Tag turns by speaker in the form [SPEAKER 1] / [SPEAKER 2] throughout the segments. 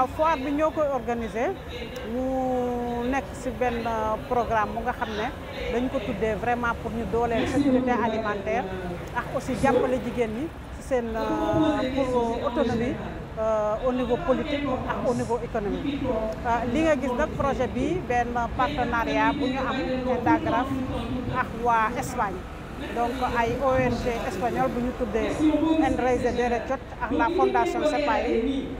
[SPEAKER 1] waaw foire bi ñoko organisé, organiser nek ci ben programme bu nga xamné dañ ko tuddee vraiment pour ñu dooleel sécurité alimentaire ak aussi jappalé jigen ni ci sen euh, pour autonomie euh, au niveau politique et au niveau économique li nga gis projet bi un partenariat bu ñu am Indagraf ak Espagne donc ay ONG espagnol bu ñu tuddee Enraíz de ak la fondation CEPAI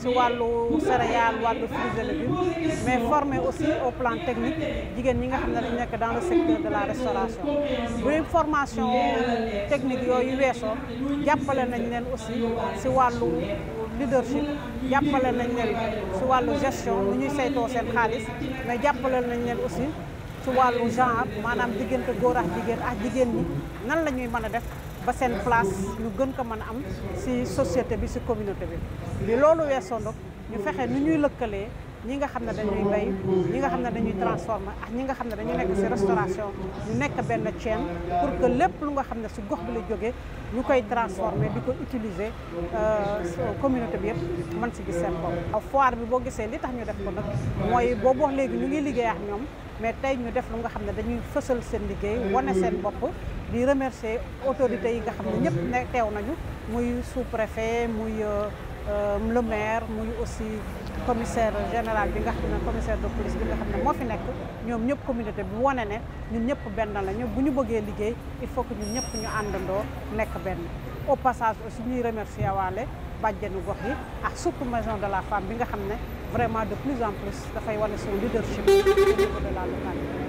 [SPEAKER 1] si wàllu céréales wàllu fruits et légumes mais former aussi au plan technique jigéen ñi nga xam ne dañ nekk dans le secteur de la restauration bu formation technique yooyu weesoo jàppale nañ leen aussi si wàllu leadership jàppale nañ leen si wàllu gestion nu ñuy saytoo seen xaalis mais jàppale nañ leen aussi ci wàllu genre maanaam diggante góor ak jigéen ak jigéen ñi nan la ñuy mën a def ba seen place ñu gën ko mën a am si société bi si communauté bi. bi loolu weesoo nag ñu fexe ni ñuy lëkkalee. ñi nga xam ne dañuy bay ñi nga xam ne dañuy transformer ak ñi nga xam ne dañuy nekk ci restauration ñu nekk benn chaîne pour que lépp lu nga xam ne ci gox bi la jógee ñu koy transformer di ko utiliser euh, communauté bi yëpp mën si gis seen bopp. foire bi boo gisee li tax ñu def ko nag mooy boobu wax léegi ñu ngi liggéey ak ñoom mais tey ñu def lu nga xam ne dañuy fësal seen liggéey wane seen bopp di remercier autorités yi nga xam ne ñëpp ne teew nañu muy sous-préfet muy. Euh, Euh, le maire, aussi le commissaire général, le commissaire de police, qui que nous sommes tous les communautés, nous sommes tous les communautés, nous sommes tous les communautés, il faut que nous sommes tous les communautés. Au passage, aussi, nous remercions Wale, Badjenu Gohi, à la sous commission de la femme, qui est vraiment de plus en plus, fait son leadership au niveau de la localité.